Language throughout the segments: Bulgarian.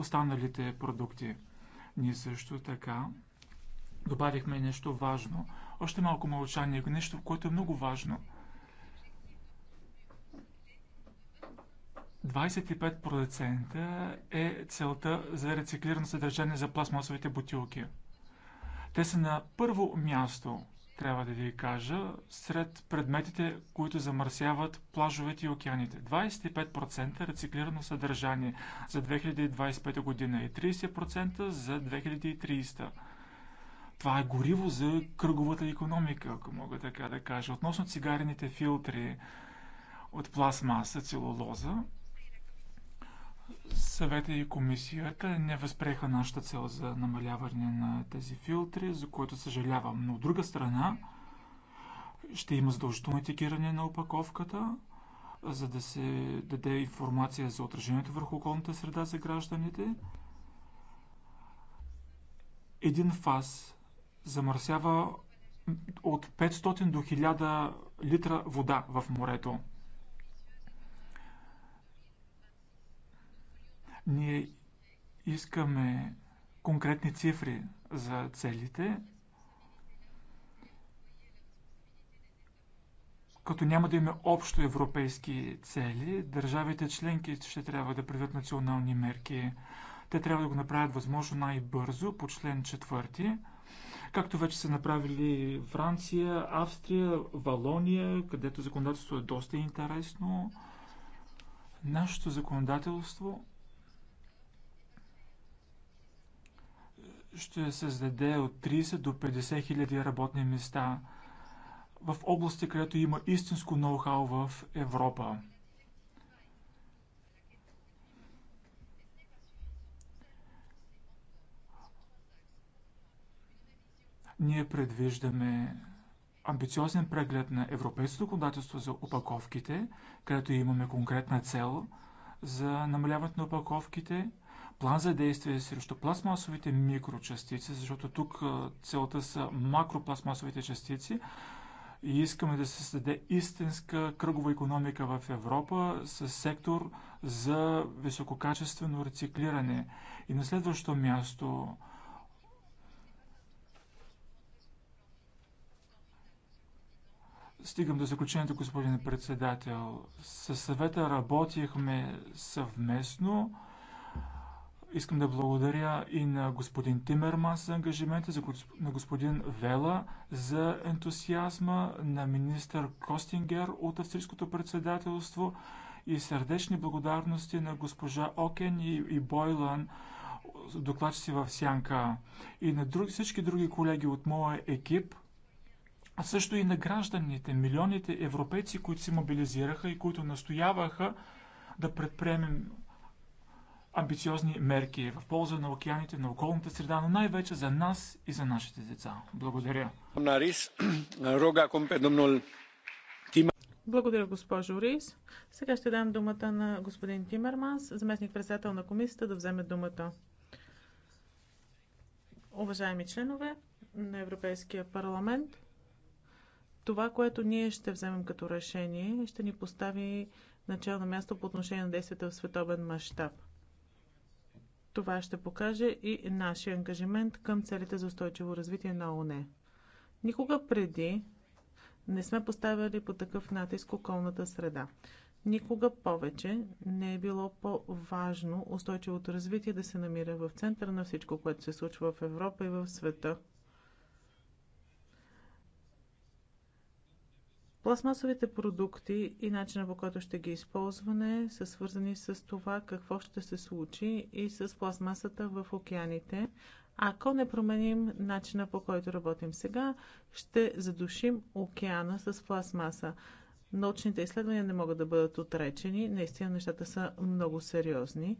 останалите продукти. Ние също така добавихме нещо важно. Още малко мълчание, нещо, което е много важно. 25% е целта за рециклирано съдържание за пластмасовите бутилки. Те са на първо място трябва да ви кажа, сред предметите, които замърсяват плажовете и океаните. 25% рециклирано съдържание за 2025 година и 30% за 2030. Това е гориво за кръговата економика, ако мога така да кажа. Относно цигарените филтри от пластмаса, целулоза, Съвета и комисията не възприеха нашата цел за намаляване на тези филтри, за което съжалявам. Но от друга страна, ще има задължително етикиране на опаковката, за да се даде информация за отражението върху околната среда за гражданите. Един фаз замърсява от 500 до 1000 литра вода в морето. Ние искаме конкретни цифри за целите, като няма да имаме общо европейски цели, държавите членки ще трябва да приведат национални мерки. Те трябва да го направят възможно най-бързо по член 4, както вече са направили Франция, Австрия, Валония, където законодателството е доста интересно. Нашето законодателство ще създаде от 30 до 50 хиляди работни места в области, където има истинско ноу-хау в Европа. Ние предвиждаме амбициозен преглед на европейското законодателство за опаковките, където имаме конкретна цел за намаляването на опаковките план за действие срещу пластмасовите микрочастици, защото тук целта са макропластмасовите частици и искаме да се създаде истинска кръгова економика в Европа с сектор за висококачествено рециклиране. И на следващо място Стигам до заключението, господин председател. Със съвета работихме съвместно Искам да благодаря и на господин Тимерман за ангажимента, на господин Вела за ентусиазма, на министър Костингер от австрийското председателство и сърдечни благодарности на госпожа Окен и, и Бойлан, докладчици в Сянка и на друг, всички други колеги от моя екип, а също и на гражданите, милионите европейци, които се мобилизираха и които настояваха да предприемем амбициозни мерки в полза на океаните, на околната среда, но най-вече за нас и за нашите деца. Благодаря. Благодаря, госпожо Рис. Сега ще дам думата на господин Тимерманс, заместник председател на комисията, да вземе думата. Уважаеми членове на Европейския парламент, това, което ние ще вземем като решение, ще ни постави начално място по отношение на действията в световен мащаб. Това ще покаже и нашия ангажимент към целите за устойчиво развитие на ООН. Никога преди не сме поставяли по такъв натиск околната среда. Никога повече не е било по-важно устойчивото развитие да се намира в центъра на всичко, което се случва в Европа и в света. Пластмасовите продукти и начина по който ще ги използваме са свързани с това какво ще се случи и с пластмасата в океаните. Ако не променим начина по който работим сега, ще задушим океана с пластмаса. Научните изследвания не могат да бъдат отречени. Наистина нещата са много сериозни.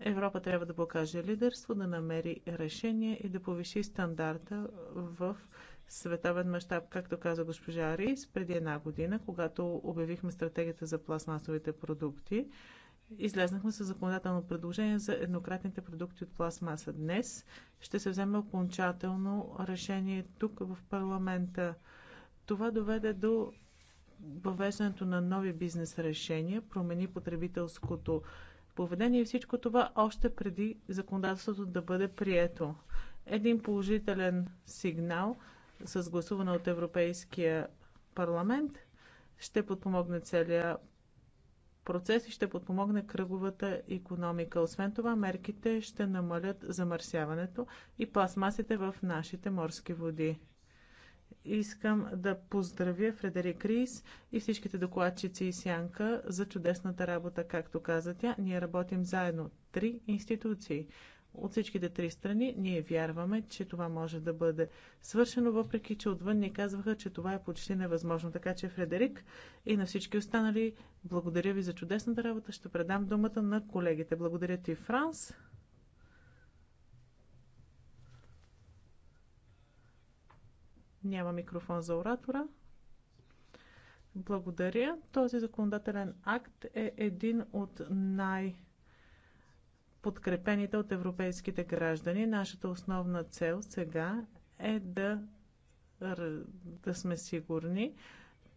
Европа трябва да покаже лидерство, да намери решение и да повиши стандарта в световен мащаб, както каза госпожа Рис, преди една година, когато обявихме стратегията за пластмасовите продукти. Излезнахме с законодателно предложение за еднократните продукти от пластмаса. Днес ще се вземе окончателно решение тук в парламента. Това доведе до въвеждането на нови бизнес решения, промени потребителското поведение и всичко това още преди законодателството да бъде прието. Един положителен сигнал – с гласуване от Европейския парламент ще подпомогне целия процес и ще подпомогне кръговата економика. Освен това, мерките ще намалят замърсяването и пластмасите в нашите морски води. Искам да поздравя Фредерик Рис и всичките докладчици и Сянка за чудесната работа, както каза тя. Ние работим заедно. Три институции от всичките три страни. Ние вярваме, че това може да бъде свършено, въпреки че отвън ни казваха, че това е почти невъзможно. Така че, Фредерик и на всички останали, благодаря ви за чудесната работа. Ще предам думата на колегите. Благодаря ти, Франс. Няма микрофон за оратора. Благодаря. Този законодателен акт е един от най- подкрепените от европейските граждани. Нашата основна цел сега е да, да сме сигурни,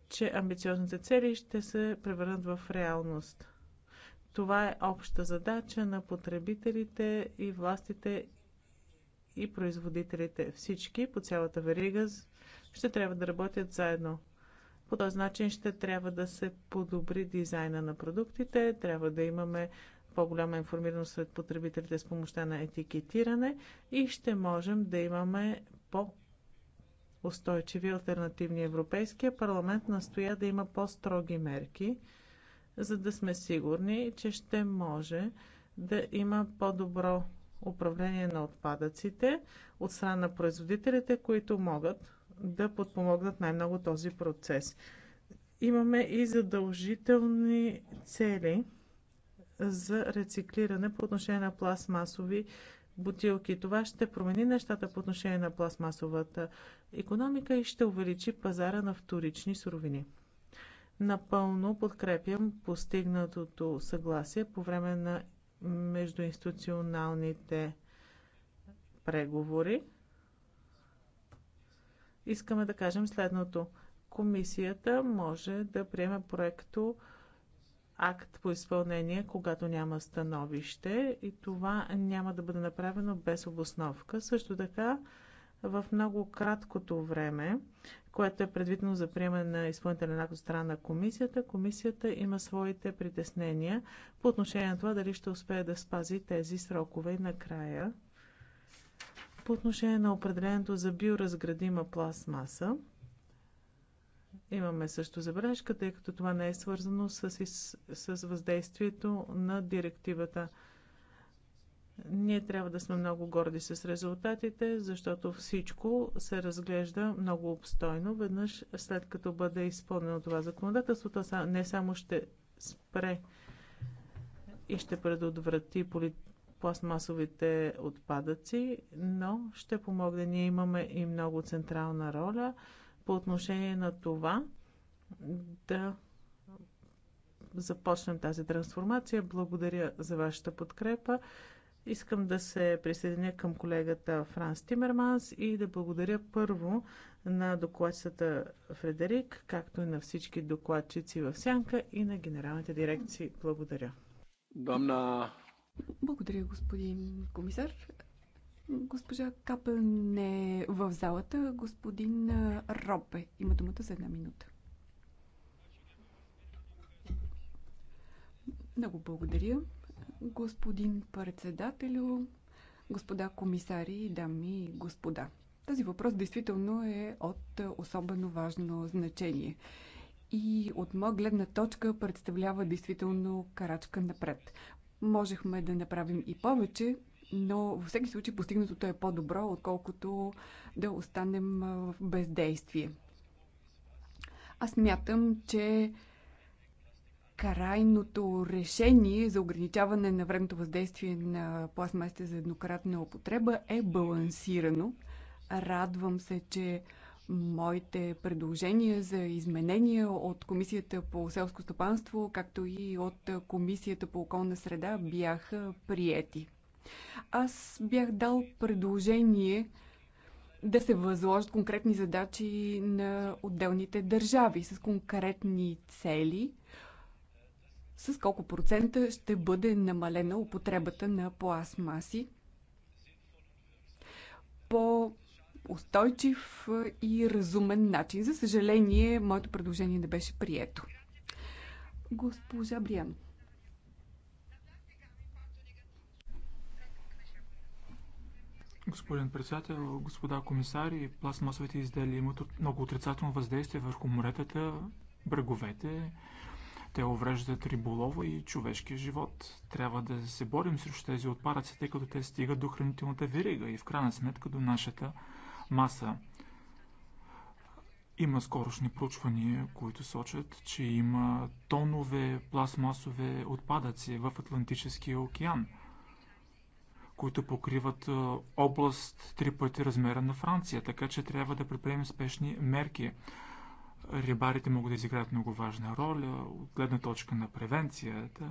че амбициозните цели ще се превърнат в реалност. Това е обща задача на потребителите и властите и производителите. Всички по цялата верига ще трябва да работят заедно. По този начин ще трябва да се подобри дизайна на продуктите, трябва да имаме по-голяма информираност сред потребителите с помощта на етикетиране и ще можем да имаме по- устойчиви альтернативни. Европейския парламент настоя да има по-строги мерки, за да сме сигурни, че ще може да има по-добро управление на отпадъците от страна на производителите, които могат да подпомогнат най-много този процес. Имаме и задължителни цели за рециклиране по отношение на пластмасови бутилки. Това ще промени нещата по отношение на пластмасовата економика и ще увеличи пазара на вторични суровини. Напълно подкрепям постигнатото съгласие по време на междуинституционалните преговори. Искаме да кажем следното. Комисията може да приеме проекто акт по изпълнение, когато няма становище и това няма да бъде направено без обосновка. Също така, в много краткото време, което е предвидено за приемане на изпълнителен акт от страна на комисията, комисията има своите притеснения по отношение на това дали ще успее да спази тези срокове и накрая. По отношение на определението за биоразградима пластмаса, Имаме също забележка, тъй като това не е свързано с, с въздействието на директивата. Ние трябва да сме много горди с резултатите, защото всичко се разглежда много обстойно. Веднъж след като бъде изпълнено това законодателство, то не само ще спре и ще предотврати пластмасовите отпадъци, но ще помогне. Ние имаме и много централна роля – по отношение на това да започнем тази трансформация. Благодаря за вашата подкрепа. Искам да се присъединя към колегата Франс Тимерманс и да благодаря първо на докладчицата Фредерик, както и на всички докладчици в Сянка и на генералните дирекции. Благодаря. Домна. Благодаря, господин комисар. Госпожа Капел не е в залата. Господин Робе има думата за една минута. Много благодаря. Господин председателю, господа комисари, дами и господа. Този въпрос действително е от особено важно значение. И от моя гледна точка представлява действително карачка напред. Можехме да направим и повече, но във всеки случай постигнатото е по-добро, отколкото да останем в бездействие. Аз мятам, че крайното решение за ограничаване на времето въздействие на пластмасите за еднократна употреба е балансирано. Радвам се, че моите предложения за изменения от Комисията по селско стопанство, както и от Комисията по околна среда бяха приети. Аз бях дал предложение да се възложат конкретни задачи на отделните държави с конкретни цели, с колко процента ще бъде намалена употребата на пластмаси по устойчив и разумен начин. За съжаление, моето предложение не беше прието. Госпожа Бриан. Господин председател, господа комисари, пластмасовите изделия имат много отрицателно въздействие върху моретата, бреговете. Те увреждат риболова и човешкия живот. Трябва да се борим срещу тези отпадъци, тъй като те стигат до хранителната верига и в крайна сметка до нашата маса. Има скорошни проучвания, които сочат, че има тонове пластмасове отпадъци в Атлантическия океан – които покриват област три пъти размера на Франция, така че трябва да предприемем спешни мерки. Рибарите могат да изиграят много важна роля от гледна точка на превенцията,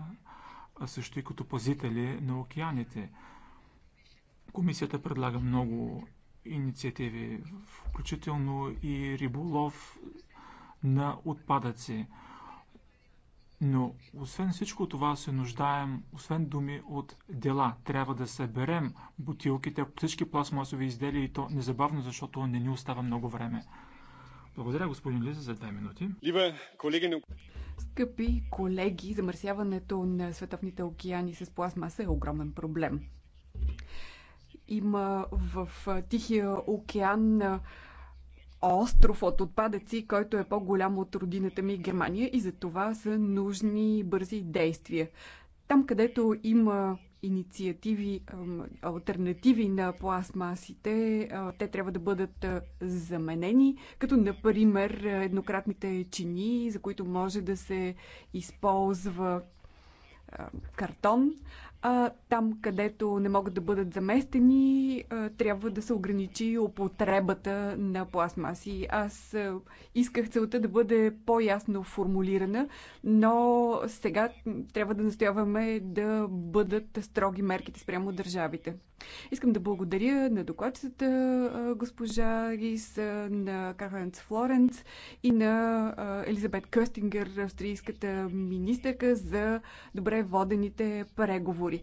а също и като пазители на океаните. Комисията предлага много инициативи, включително и риболов на отпадъци. Но освен всичко това се нуждаем, освен думи, от дела. Трябва да съберем бутилките, всички пластмасови изделия и то незабавно, защото не ни остава много време. Благодаря, господин Лиза, за две минути. Либе, колеги, Скъпи колеги, замърсяването на световните океани с пластмаса е огромен проблем. Има в Тихия океан остров от отпадъци, който е по-голям от родината ми Германия и за това са нужни бързи действия. Там, където има инициативи, альтернативи на пластмасите, те трябва да бъдат заменени, като например еднократните чини, за които може да се използва картон, а там, където не могат да бъдат заместени, трябва да се ограничи употребата на пластмаси. Аз исках целта да бъде по-ясно формулирана, но сега трябва да настояваме да бъдат строги мерките спрямо държавите. Искам да благодаря на докладчицата госпожа Рис, на Карленц Флоренц и на Елизабет Къстингер, австрийската министърка, за добре водените преговори избори.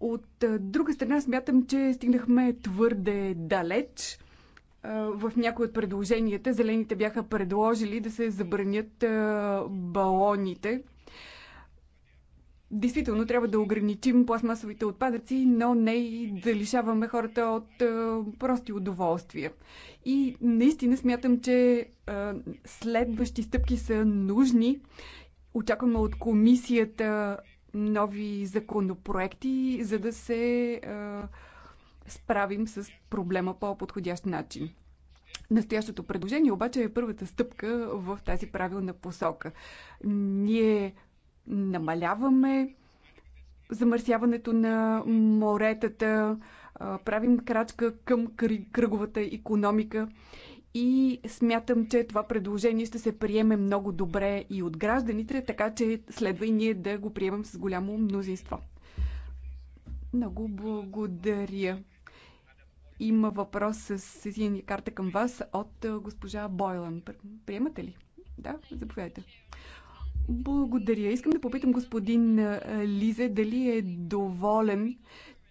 От друга страна, смятам, че стигнахме твърде далеч. В някои от предложенията зелените бяха предложили да се забранят балоните. Действително трябва да ограничим пластмасовите отпадъци, но не и да лишаваме хората от а, прости удоволствия. И наистина смятам, че а, следващи стъпки са нужни. Очакваме от комисията нови законопроекти, за да се а, справим с проблема по подходящ начин. Настоящото предложение обаче е първата стъпка в тази правилна посока. Ние намаляваме замърсяването на моретата, правим крачка към кръговата економика и смятам, че това предложение ще се приеме много добре и от гражданите, така че следва и ние да го приемем с голямо мнозинство. Много благодаря. Има въпрос с синя карта към вас от госпожа Бойлан. Приемате ли? Да, заповядайте. Благодаря. Искам да попитам господин Лизе дали е доволен,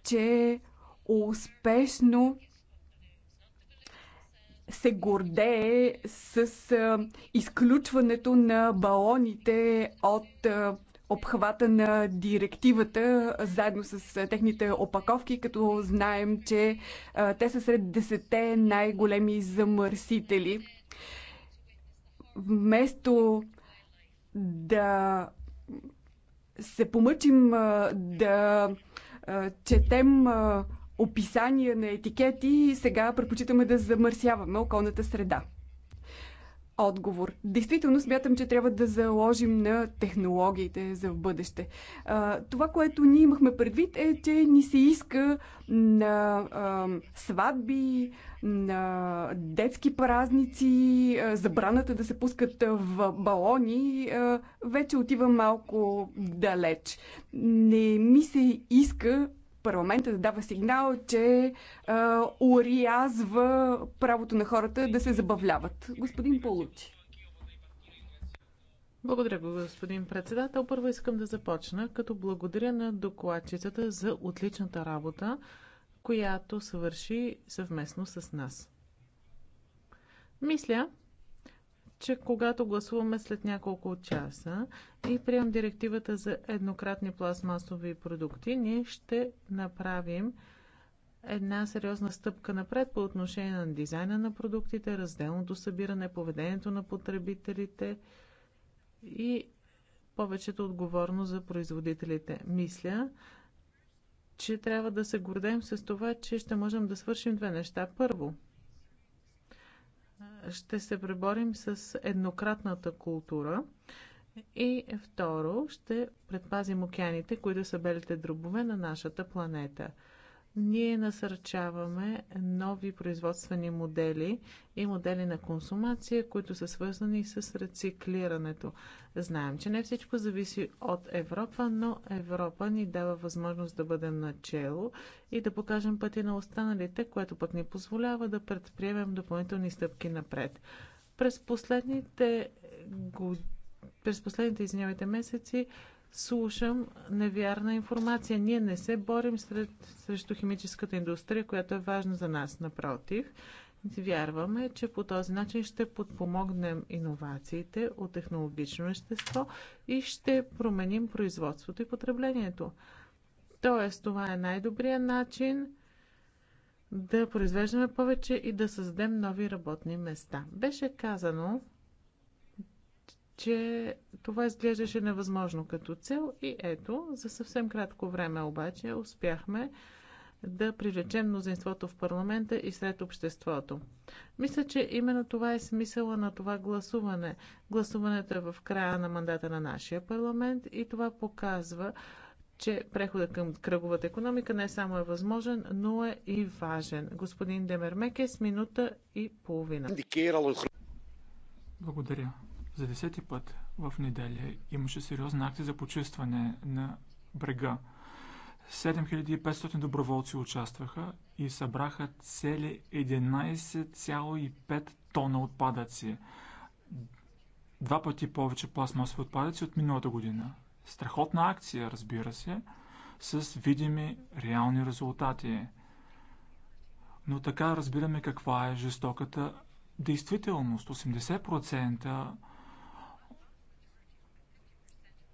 че успешно се гордее с а, изключването на балоните от а, обхвата на директивата, заедно с а, техните опаковки, като знаем, че а, те са сред десете най-големи замърсители. Вместо да се помъчим а, да а, четем а, описания на етикети, сега предпочитаме да замърсяваме околната среда. Отговор. Действително смятам, че трябва да заложим на технологиите за в бъдеще. Това, което ние имахме предвид е, че ни се иска на сватби, на детски празници, забраната да се пускат в балони, вече отива малко далеч. Не ми се иска да дава сигнал, че а, урязва правото на хората да се забавляват. Господин Получи. Благодаря, господин председател. Първо искам да започна, като благодаря на докладчицата за отличната работа, която свърши съвместно с нас. Мисля, че когато гласуваме след няколко часа и приемем директивата за еднократни пластмасови продукти, ние ще направим една сериозна стъпка напред по отношение на дизайна на продуктите, разделното събиране, поведението на потребителите и повечето отговорно за производителите. Мисля, че трябва да се гордеем с това, че ще можем да свършим две неща. Първо, ще се преборим с еднократната култура. И второ, ще предпазим океаните, които са белите дробове на нашата планета. Ние насърчаваме нови производствени модели и модели на консумация, които са свързани с рециклирането. Знаем, че не всичко зависи от Европа, но Европа ни дава възможност да бъдем начело и да покажем пъти на останалите, което пък ни позволява да предприемем допълнителни стъпки напред. През последните през последните извинявайте месеци слушам невярна информация. Ние не се борим сред, срещу химическата индустрия, която е важна за нас. Напротив, вярваме, че по този начин ще подпомогнем иновациите от технологично вещество и ще променим производството и потреблението. Тоест, това е най-добрият начин да произвеждаме повече и да създадем нови работни места. Беше казано, че това изглеждаше невъзможно като цел и ето, за съвсем кратко време обаче успяхме да привлечем мнозинството в парламента и сред обществото. Мисля, че именно това е смисъла на това гласуване. Гласуването е в края на мандата на нашия парламент и това показва, че преходът към кръговата економика не само е възможен, но е и важен. Господин Демермек е с минута и половина. Е- Благодаря. За десети път в неделя имаше сериозна акция за почистване на брега. 7500 доброволци участваха и събраха цели 11,5 тона отпадъци. Два пъти повече пластмасови отпадъци от миналата година. Страхотна акция, разбира се, с видими реални резултати. Но така разбираме каква е жестоката действителност. 80%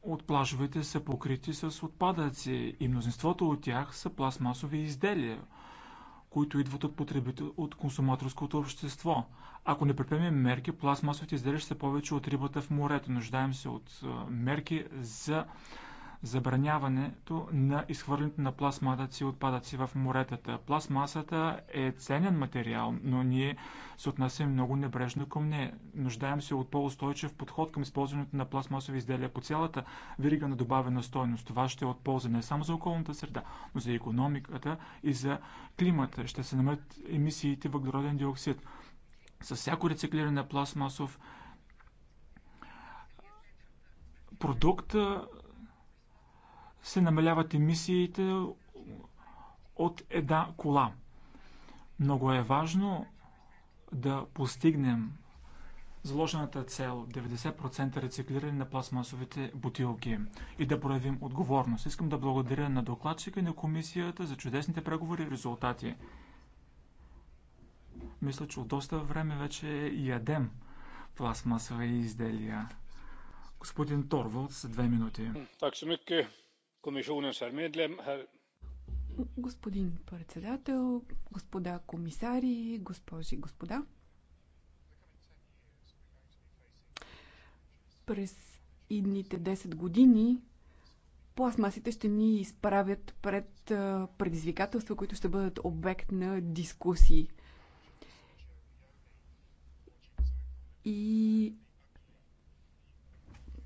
от плажовете са покрити с отпадъци и мнозинството от тях са пластмасови изделия, които идват от, потребител... от консуматорското общество. Ако не предприемем мерки, пластмасовите изделия ще са повече от рибата в морето. Нуждаем се от мерки за забраняването на изхвърлянето на пластмасата отпадъци в моретата. Пластмасата е ценен материал, но ние се отнасяме много небрежно към нея. Нуждаем се от по-устойчив подход към използването на пластмасови изделия по цялата верига на добавена стойност. Това ще е от полза не само за околната среда, но за економиката и за климата. Ще се намалят емисиите въглероден диоксид. С всяко рециклиране на пластмасов продукт се намаляват емисиите от една кола. Много е важно да постигнем заложената цел 90% рециклиране на пластмасовите бутилки и да проявим отговорност. Искам да благодаря на докладчика и на комисията за чудесните преговори и резултати. Мисля, че от доста време вече ядем пластмасови изделия. Господин Торвалд, с две минути. Так, Господин председател, господа комисари, госпожи и господа. През идните 10 години пластмасите ще ни изправят пред предизвикателства, които ще бъдат обект на дискусии. И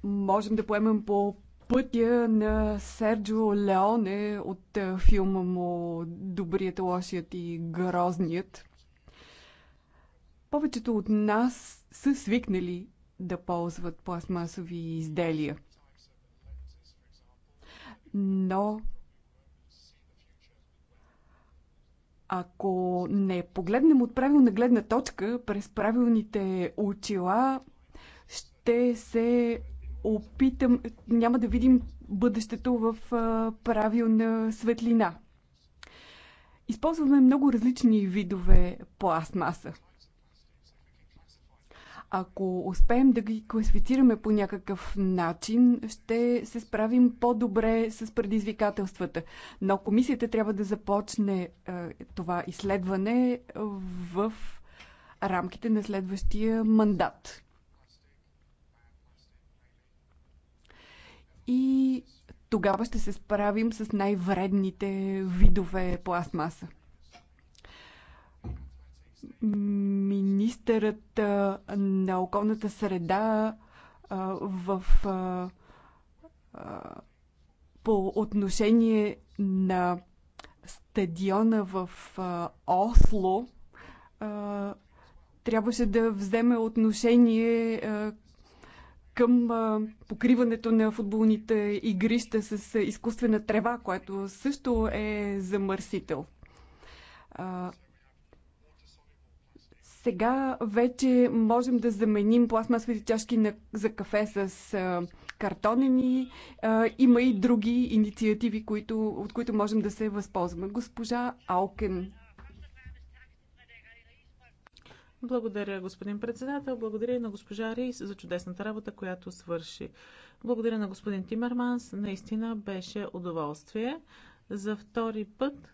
можем да поемем по пътя на Серджо Леоне от е, филма му Добрият, лошият и грозният. Повечето от нас са свикнали да ползват пластмасови изделия. Но ако не погледнем от правилна гледна точка през правилните очила, ще се опитам, няма да видим бъдещето в правилна светлина. Използваме много различни видове пластмаса. Ако успеем да ги класифицираме по някакъв начин, ще се справим по-добре с предизвикателствата. Но комисията трябва да започне е, това изследване в рамките на следващия мандат. и тогава ще се справим с най-вредните видове пластмаса. Министърът на околната среда в по отношение на стадиона в Осло трябваше да вземе отношение към покриването на футболните игрища с изкуствена трева, което също е замърсител. Сега вече можем да заменим пластмасовите чашки на, за кафе с а, картонени. А, има и други инициативи, които, от които можем да се възползваме. Госпожа Алкен благодаря, господин председател. Благодаря и на госпожа Рейс за чудесната работа, която свърши. Благодаря на господин Тимерманс. Наистина беше удоволствие. За втори път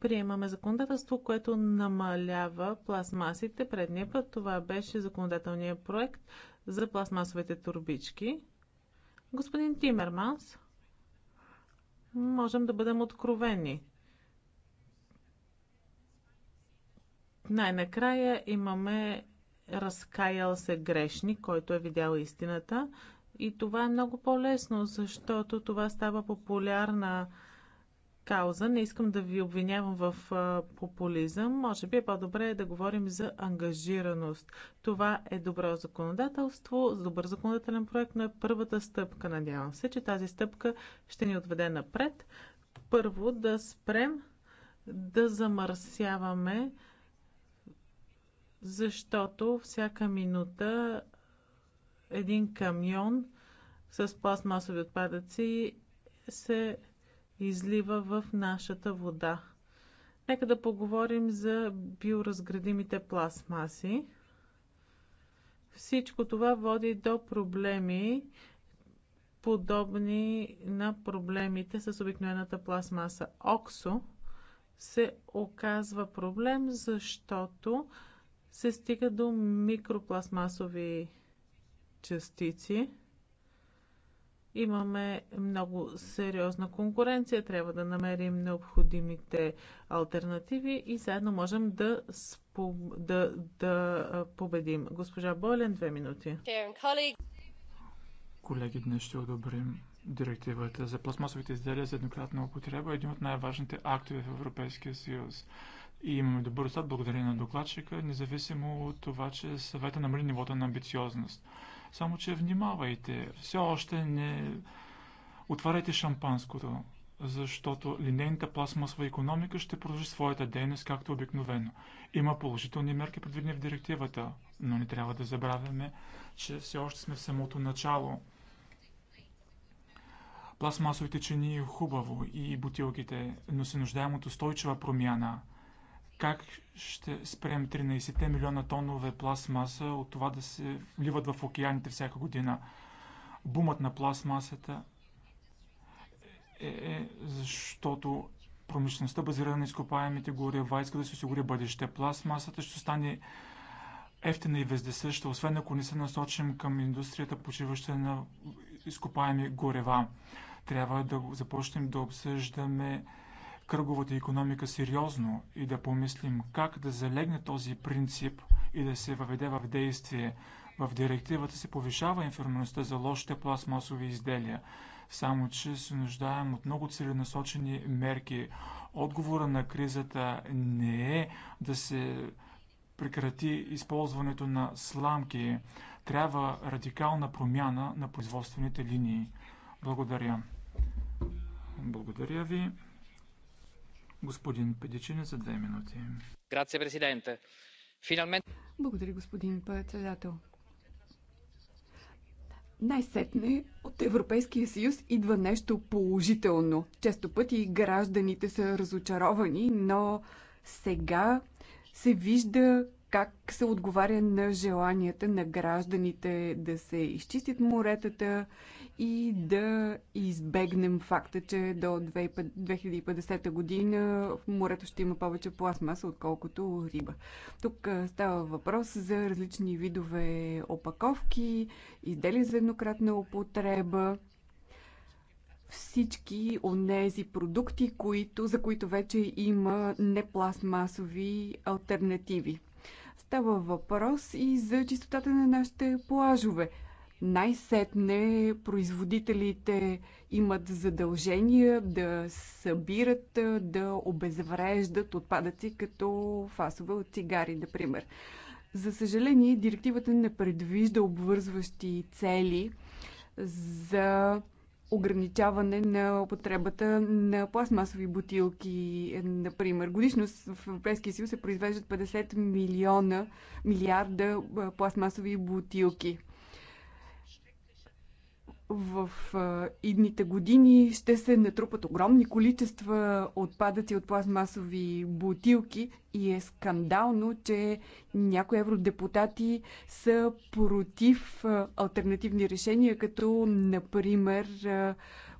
приемаме законодателство, което намалява пластмасите. Предния път това беше законодателният проект за пластмасовите турбички. Господин Тимерманс, можем да бъдем откровени. Най-накрая имаме разкаял се грешник, който е видял истината. И това е много по-лесно, защото това става популярна кауза. Не искам да ви обвинявам в популизъм. Може би е по-добре да говорим за ангажираност. Това е добро законодателство, добър законодателен проект, но е първата стъпка. Надявам се, че тази стъпка ще ни отведе напред. Първо да спрем да замърсяваме защото всяка минута един камион с пластмасови отпадъци се излива в нашата вода. Нека да поговорим за биоразградимите пластмаси. Всичко това води до проблеми, подобни на проблемите с обикновената пластмаса. Оксо се оказва проблем, защото се стига до микропластмасови частици. Имаме много сериозна конкуренция, трябва да намерим необходимите альтернативи и заедно можем да, спо... да, да победим. Госпожа Болен, две минути. Колеги, днес ще одобрим директивата за пластмасовите изделия за еднократна употреба, един от най-важните актове в Европейския съюз. И имаме добър резултат благодарение на докладчика, независимо от това, че съвета намали нивото на амбициозност. Само, че внимавайте, все още не отваряйте шампанското, защото линейната пластмасова економика ще продължи своята дейност както обикновено. Има положителни мерки предвидени в директивата, но не трябва да забравяме, че все още сме в самото начало. Пластмасовите чини е хубаво и бутилките, но се нуждаем от устойчива промяна – как ще спрем 13 милиона тонове пластмаса от това да се вливат в океаните всяка година. Бумът на пластмасата е, е защото промишлеността, базирана на изкопаемите горева, иска да се осигури бъдеще. Пластмасата ще стане ефтина и вездесъща, освен ако не се насочим към индустрията, почиваща на изкопаеми горева. Трябва да започнем да обсъждаме кръговата економика сериозно и да помислим как да залегне този принцип и да се въведе в действие. В директивата се повишава информираността за лошите пластмасови изделия, само че се нуждаем от много целенасочени мерки. Отговора на кризата не е да се прекрати използването на сламки. Трябва радикална промяна на производствените линии. Благодаря. Благодаря ви. Господин Педичини за две минути. Грация, президенте. Финалмент... Благодаря, господин председател. Най-сетне от Европейския съюз идва нещо положително. Често пъти гражданите са разочаровани, но сега се вижда как се отговаря на желанията на гражданите да се изчистят моретата и да избегнем факта, че до 2050 година в морето ще има повече пластмаса, отколкото риба. Тук става въпрос за различни видове опаковки, изделия за еднократна употреба, всички онези продукти, които, за които вече има непластмасови альтернативи. Става въпрос и за чистотата на нашите плажове. Най-сетне производителите имат задължения да събират, да обезвреждат отпадъци като фасове от цигари, например. За съжаление, директивата не предвижда обвързващи цели за ограничаване на употребата на пластмасови бутилки, например. Годишно в Европейския съюз се произвеждат 50 милиона, милиарда пластмасови бутилки в идните години ще се натрупат огромни количества отпадъци от пластмасови бутилки и е скандално, че някои евродепутати са против альтернативни решения, като например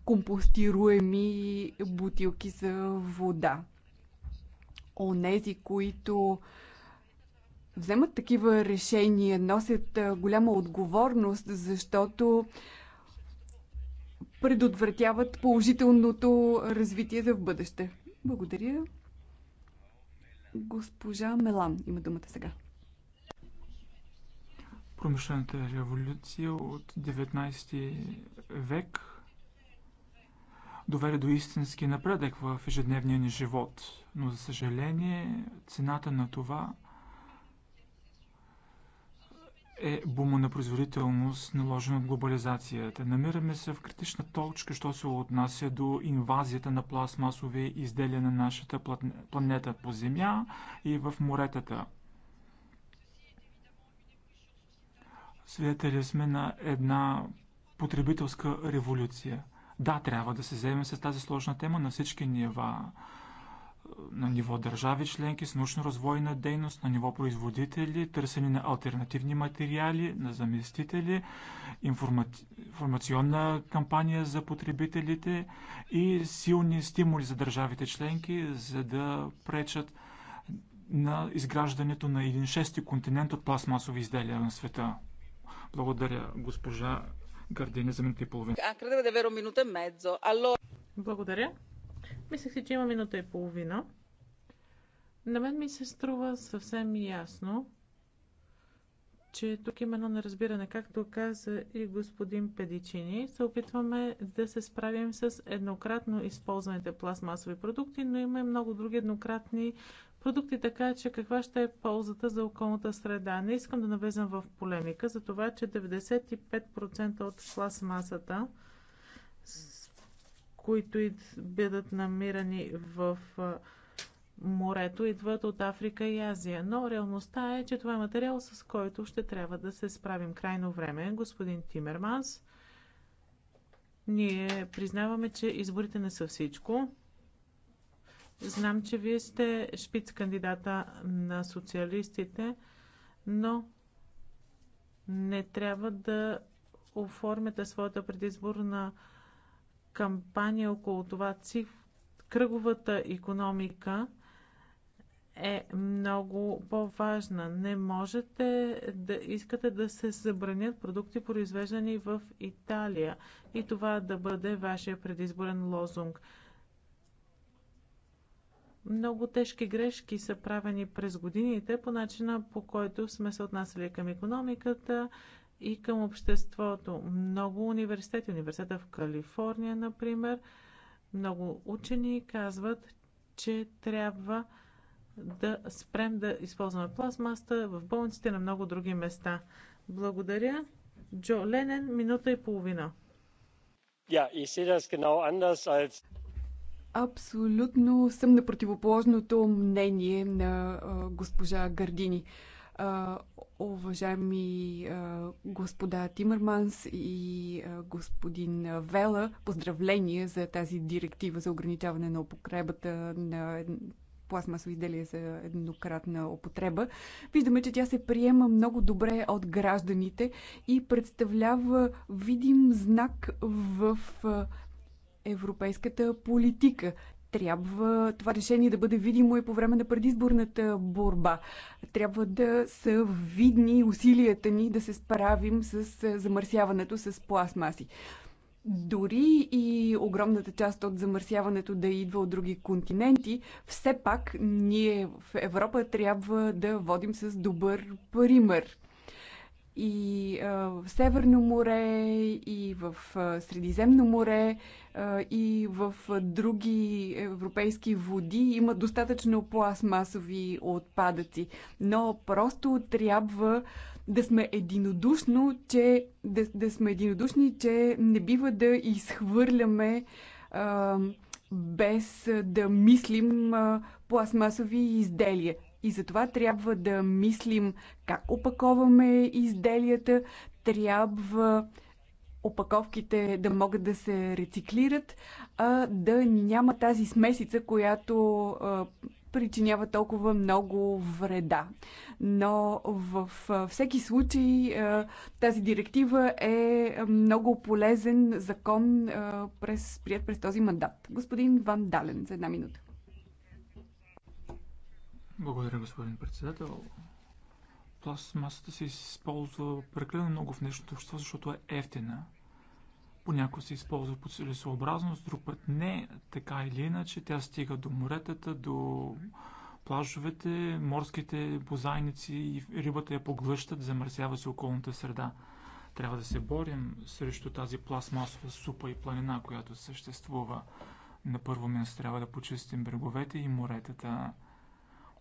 компостируеми бутилки за вода. Онези, които вземат такива решения, носят голяма отговорност, защото предотвратяват положителното развитие за в бъдеще. Благодаря. Госпожа Мелан има думата сега. Промишлената революция от 19 век доведе до истински напредък в ежедневния ни живот, но за съжаление цената на това е бума на производителност, наложена от глобализацията. Намираме се в критична точка, що се отнася до инвазията на пластмасови изделия на нашата планета по земя и в моретата. Свидетели сме на една потребителска революция. Да, трябва да се вземем с тази сложна тема на всички нива на ниво държави членки с научно-развойна дейност, на ниво производители, търсене на альтернативни материали, на заместители, информати... информационна кампания за потребителите и силни стимули за държавите членки, за да пречат на изграждането на един шести континент от пластмасови изделия на света. Благодаря, госпожа Гардини, за минута и половина. Благодаря. Мислех си, че има минута и половина. На мен ми се струва съвсем ясно, че тук има едно неразбиране. Както каза и господин Педичини, се опитваме да се справим с еднократно използваните пластмасови продукти, но има и много други еднократни продукти, така че каква ще е ползата за околната среда. Не искам да навезам в полемика за това, че 95% от пластмасата които бъдат намирани в морето, идват от Африка и Азия. Но реалността е, че това е материал, с който ще трябва да се справим крайно време. Е, господин Тимерманс, ние признаваме, че изборите не са всичко. Знам, че вие сте шпиц кандидата на социалистите, но не трябва да оформяте своята предизборна кампания около това циф... кръговата економика е много по-важна. Не можете да искате да се забранят продукти, произвеждани в Италия и това да бъде вашия предизборен лозунг. Много тежки грешки са правени през годините по начина по който сме се отнасяли към економиката, и към обществото. Много университети, университета в Калифорния, например, много учени казват, че трябва да спрем да използваме пластмаста в болниците на много други места. Благодаря. Джо Ленен, минута и половина. Ja, ich sehe das genau anders als Абсолютно съм на противоположното мнение на госпожа Гардини уважаеми господа Тимърманс и господин Вела, поздравление за тази директива за ограничаване на употребата на пластмасови изделия за еднократна употреба. Виждаме, че тя се приема много добре от гражданите и представлява видим знак в европейската политика трябва това решение да бъде видимо и по време на предизборната борба. Трябва да са видни усилията ни да се справим с замърсяването с пластмаси. Дори и огромната част от замърсяването да идва от други континенти, все пак ние в Европа трябва да водим с добър пример и в Северно море, и в Средиземно море, и в други европейски води има достатъчно пластмасови отпадъци. Но просто трябва да сме единодушно, че, да, да сме единодушни, че не бива да изхвърляме а, без да мислим а, пластмасови изделия. И затова трябва да мислим как опаковаме изделията, трябва опаковките да могат да се рециклират, а да няма тази смесица, която а, причинява толкова много вреда. Но в всеки случай тази директива е много полезен закон, през, прият през този мандат. Господин Ван Дален, за една минута. Благодаря, господин председател. Пластмасата се използва прекалено много в днешното общество, защото е ефтина. Понякога се използва по целесообразност, друг път не, така или иначе. Тя стига до моретата, до плажовете, морските бозайници и рибата я поглъщат, замърсява се околната среда. Трябва да се борим срещу тази пластмасова супа и планина, която съществува. На първо място трябва да почистим бреговете и моретата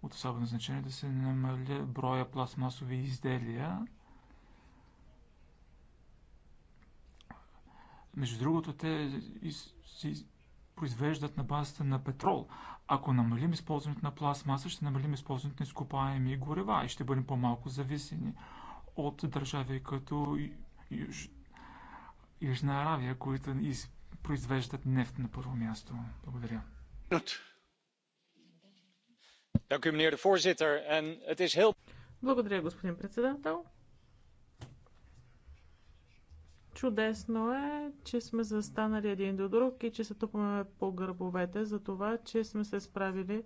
от особено значение да се намаля броя пластмасови изделия. Между другото, те се произвеждат на базата на петрол. Ако намалим използването на пластмаса, ще намалим използването на изкопаеми горева и ще бъдем по-малко зависени от държави като Юж... Южна Аравия, които из... произвеждат нефт на първо място. Благодаря. Благодаря, господин председател. Чудесно е, че сме застанали един до друг и че се тупаме по гърбовете за това, че сме се справили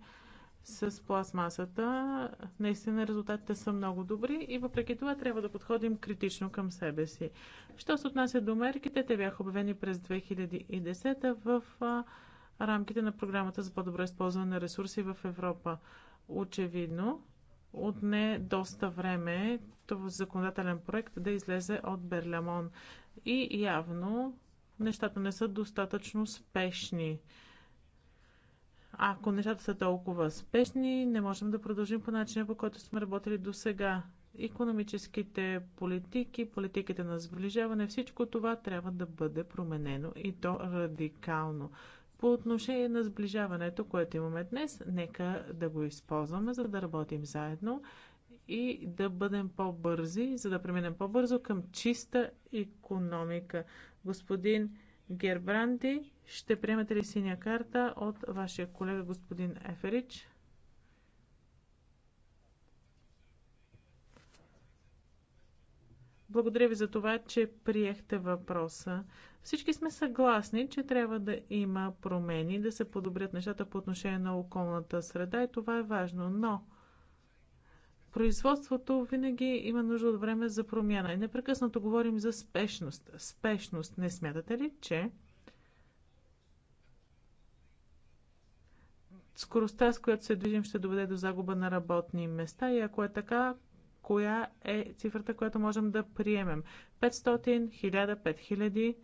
с пластмасата. Наистина резултатите са много добри и въпреки това трябва да подходим критично към себе си. Що се отнася до мерките, те бяха обявени през 2010 в рамките на програмата за по-добро използване на ресурси в Европа. Очевидно, отне доста време този законодателен проект да излезе от Берлямон. И явно нещата не са достатъчно спешни. Ако нещата са толкова спешни, не можем да продължим по начина, по който сме работили до сега. Економическите политики, политиките на сближаване, всичко това трябва да бъде променено и то радикално. По отношение на сближаването, което имаме днес, нека да го използваме, за да работим заедно и да бъдем по-бързи, за да преминем по-бързо към чиста економика. Господин Гербранди, ще приемете ли синя карта от вашия колега господин Еферич? Благодаря ви за това, че приехте въпроса. Всички сме съгласни, че трябва да има промени, да се подобрят нещата по отношение на околната среда и това е важно, но производството винаги има нужда от време за промяна и непрекъснато говорим за спешност. Спешност, не смятате ли, че скоростта, с която се движим, ще доведе до загуба на работни места и ако е така, коя е цифрата, която можем да приемем? 500, 1000, 5000?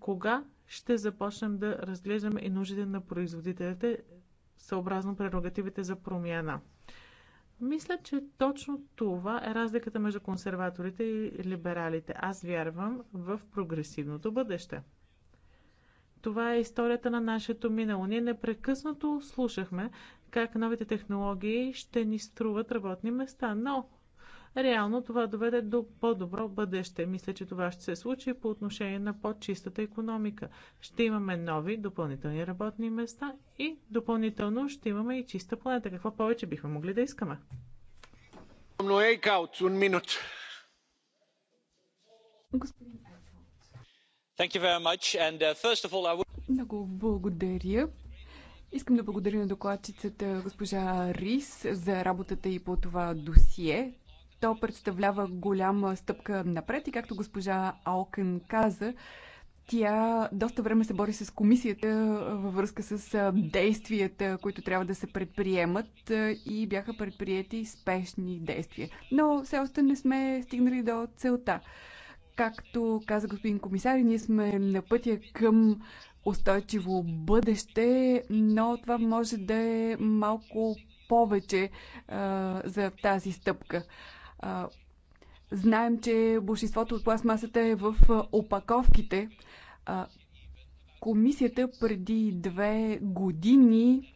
кога ще започнем да разглеждаме и нуждите на производителите съобразно прерогативите за промяна. Мисля, че точно това е разликата между консерваторите и либералите. Аз вярвам в прогресивното бъдеще. Това е историята на нашето минало. Ние непрекъснато слушахме как новите технологии ще ни струват работни места, но реално това доведе до по-добро бъдеще. Мисля, че това ще се случи по отношение на по-чистата економика. Ще имаме нови допълнителни работни места и допълнително ще имаме и чиста планета. Какво повече бихме могли да искаме? Господин uh, много благодаря. Искам да благодаря на докладчицата госпожа Рис за работата и по това досие. То представлява голяма стъпка напред и както госпожа Алкън каза, тя доста време се бори с комисията във връзка с действията, които трябва да се предприемат и бяха предприяти спешни действия. Но все още не сме стигнали до целта. Както каза господин комисар, ние сме на пътя към устойчиво бъдеще, но това може да е малко повече а, за тази стъпка. Знаем, че большинството от пластмасата е в опаковките. Комисията преди две години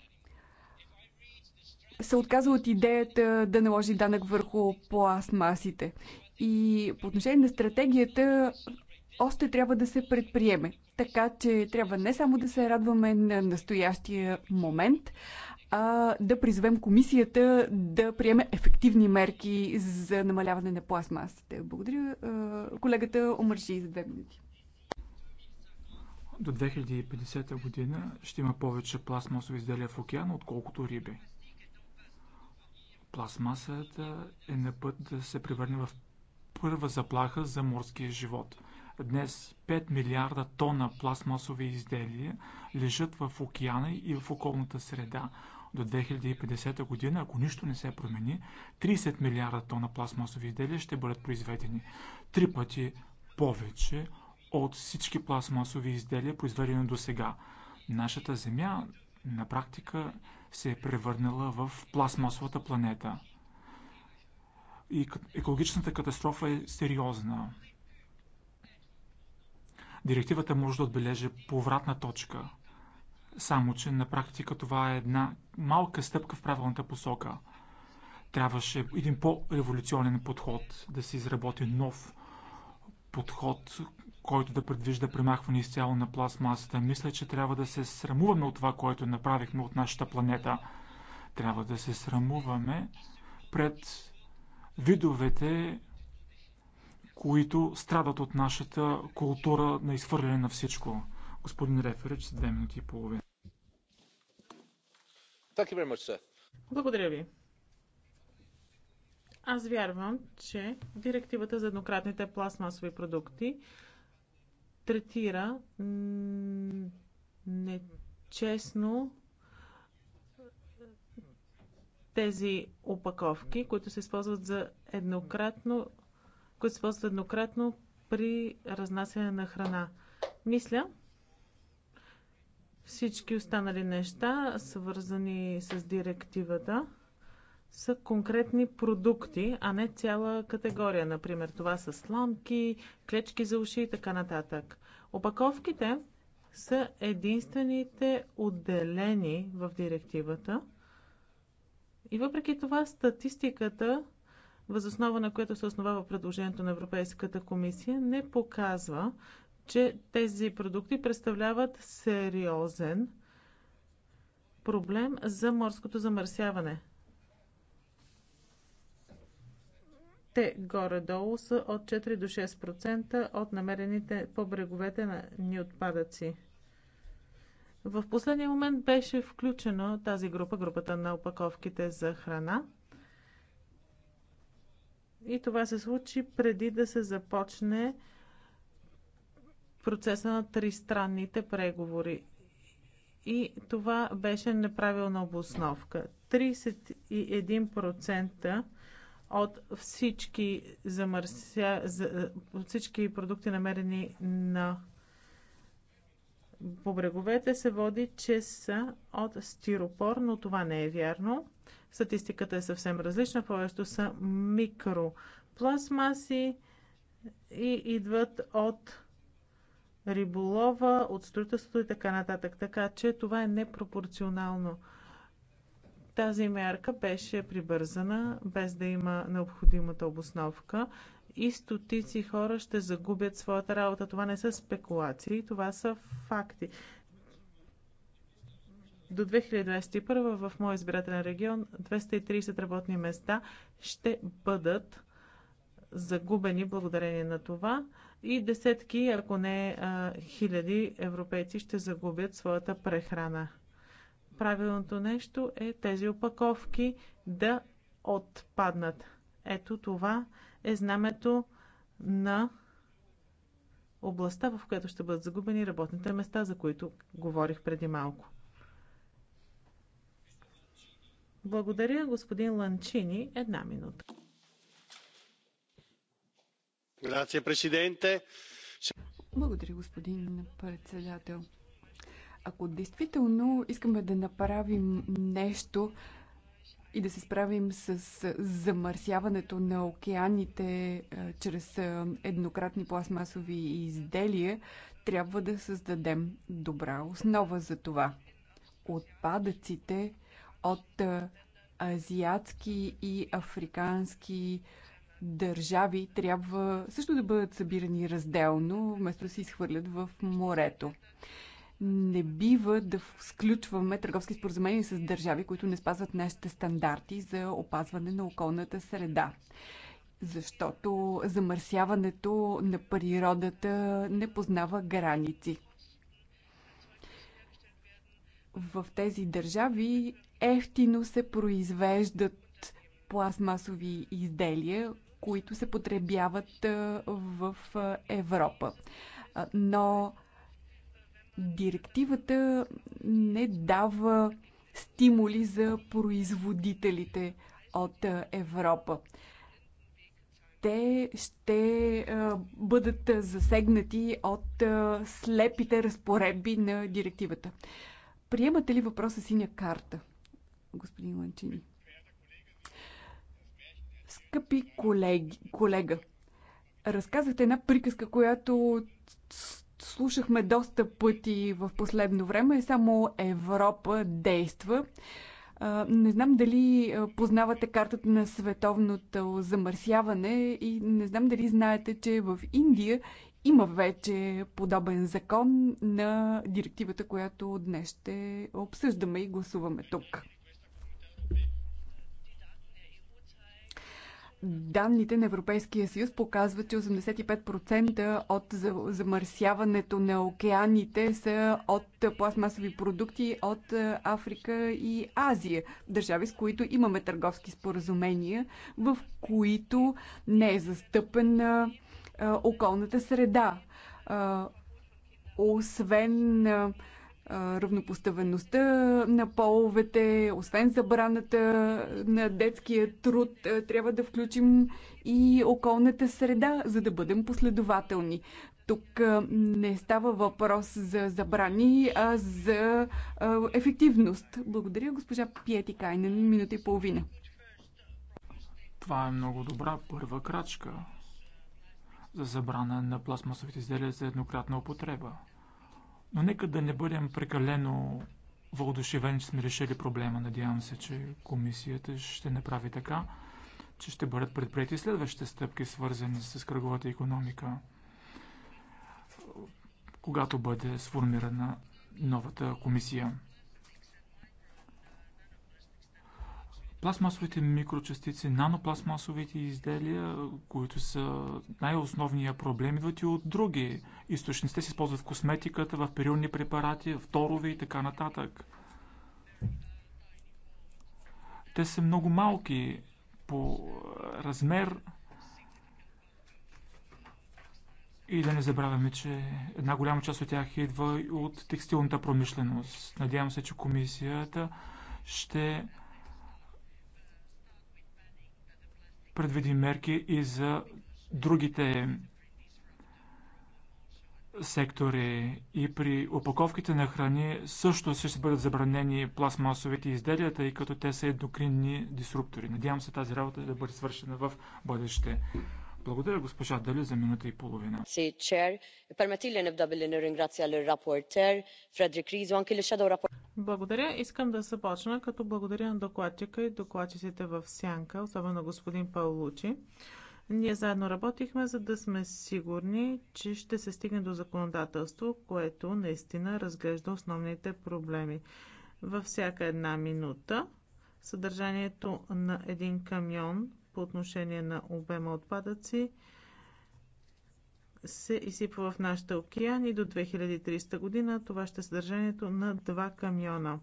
се отказва от идеята да наложи данък върху пластмасите. И по отношение на стратегията още трябва да се предприеме. Така че трябва не само да се радваме на настоящия момент, а да призовем комисията да приеме ефективни мерки за намаляване на пластмасите. Благодаря. Колегата омържи за две минути. До 2050 година ще има повече пластмасови изделия в океана, отколкото риби. Пластмасата е на път да се превърне в първа заплаха за морския живот. Днес 5 милиарда тона пластмасови изделия лежат в океана и в околната среда. До 2050 година, ако нищо не се промени, 30 милиарда тона пластмасови изделия ще бъдат произведени. Три пъти повече от всички пластмасови изделия, произведени до сега. Нашата Земя на практика се е превърнала в пластмасовата планета. И екологичната катастрофа е сериозна. Директивата може да отбележи повратна точка – само, че на практика това е една малка стъпка в правилната посока. Трябваше един по-революционен подход, да се изработи нов подход, който да предвижда премахване изцяло на пластмасата. Мисля, че трябва да се срамуваме от това, което направихме от нашата планета. Трябва да се срамуваме пред видовете, които страдат от нашата култура на изхвърляне на всичко. Господин Реферич, две минути и половина. Much, Благодаря ви. Аз вярвам, че директивата за еднократните пластмасови продукти третира нечестно тези опаковки, които се използват за еднократно, които се използват еднократно при разнасяне на храна. Мисля, всички останали неща, свързани с директивата, са конкретни продукти, а не цяла категория. Например, това са сламки, клечки за уши и така нататък. Опаковките са единствените отделени в директивата. И въпреки това статистиката, възоснова на която се основава предложението на Европейската комисия, не показва, че тези продукти представляват сериозен проблем за морското замърсяване. Те горе-долу са от 4 до 6% от намерените по бреговете на ни отпадъци. В последния момент беше включена тази група, групата на опаковките за храна. И това се случи преди да се започне процеса на тристранните преговори. И това беше неправилна обосновка. 31% от всички, замърся, за, всички продукти намерени на по бреговете се води, че са от стиропор, но това не е вярно. Статистиката е съвсем различна. Повечето са микропластмаси и идват от риболова, от строителството и така нататък. Така че това е непропорционално. Тази мярка беше прибързана, без да има необходимата обосновка и стотици хора ще загубят своята работа. Това не са спекулации, това са факти. До 2021 в моя избирателен регион 230 работни места ще бъдат загубени благодарение на това и десетки, ако не а, хиляди европейци ще загубят своята прехрана. Правилното нещо е тези опаковки да отпаднат. Ето това е знамето на областта, в която ще бъдат загубени работните места, за които говорих преди малко. Благодаря, господин Ланчини. Една минута. Благодаря, господин председател. Ако действително искаме да направим нещо и да се справим с замърсяването на океаните чрез еднократни пластмасови изделия, трябва да създадем добра основа за това. Отпадъците от азиатски и африкански държави трябва също да бъдат събирани разделно, вместо да се изхвърлят в морето. Не бива да сключваме търговски споразумения с държави, които не спазват нашите стандарти за опазване на околната среда. Защото замърсяването на природата не познава граници. В тези държави ефтино се произвеждат пластмасови изделия, които се потребяват в Европа. Но директивата не дава стимули за производителите от Европа. Те ще бъдат засегнати от слепите разпоредби на директивата. Приемате ли въпроса синя карта, господин Ланчини? Скъпи колеги, колега, разказахте една приказка, която слушахме доста пъти в последно време. Само Европа действа. Не знам дали познавате картата на световното замърсяване и не знам дали знаете, че в Индия има вече подобен закон на директивата, която днес ще обсъждаме и гласуваме тук. Данните на Европейския съюз показват, че 85% от замърсяването на океаните са от пластмасови продукти от е, Африка и Азия. Държави, с които имаме търговски споразумения, в които не е застъпена е, околната среда. Е, освен равнопоставеността на половете, освен забраната на детския труд, трябва да включим и околната среда, за да бъдем последователни. Тук не става въпрос за забрани, а за ефективност. Благодаря, госпожа Пиети Кайнен, минута и половина. Това е много добра първа крачка за забрана на пластмасовите изделия за еднократна употреба. Но нека да не бъдем прекалено въодушевени, че сме решили проблема. Надявам се, че комисията ще направи така, че ще бъдат предприяти следващите стъпки, свързани с кръговата економика, когато бъде сформирана новата комисия. пластмасовите микрочастици, нанопластмасовите изделия, които са най-основния проблем, идват и от други източници. Те се използват в косметиката, в периодни препарати, в торове и така нататък. Те са много малки по размер и да не забравяме, че една голяма част от тях идва от текстилната промишленост. Надявам се, че комисията ще предвиди мерки и за другите сектори и при опаковките на храни също ще бъдат забранени пластмасовите изделия, тъй като те са ендокринни дисруптори. Надявам се тази работа да бъде свършена в бъдеще. Благодаря, госпожа Дали, за минута и половина. Благодаря. Искам да започна, като благодаря на докладчика и докладчиците в Сянка, особено господин Паулучи. Ние заедно работихме, за да сме сигурни, че ще се стигне до законодателство, което наистина разглежда основните проблеми. Във всяка една минута съдържанието на един камион по отношение на обема отпадъци се изсипва в нашите океани до 2300 година. Това ще е съдържанието на два камиона.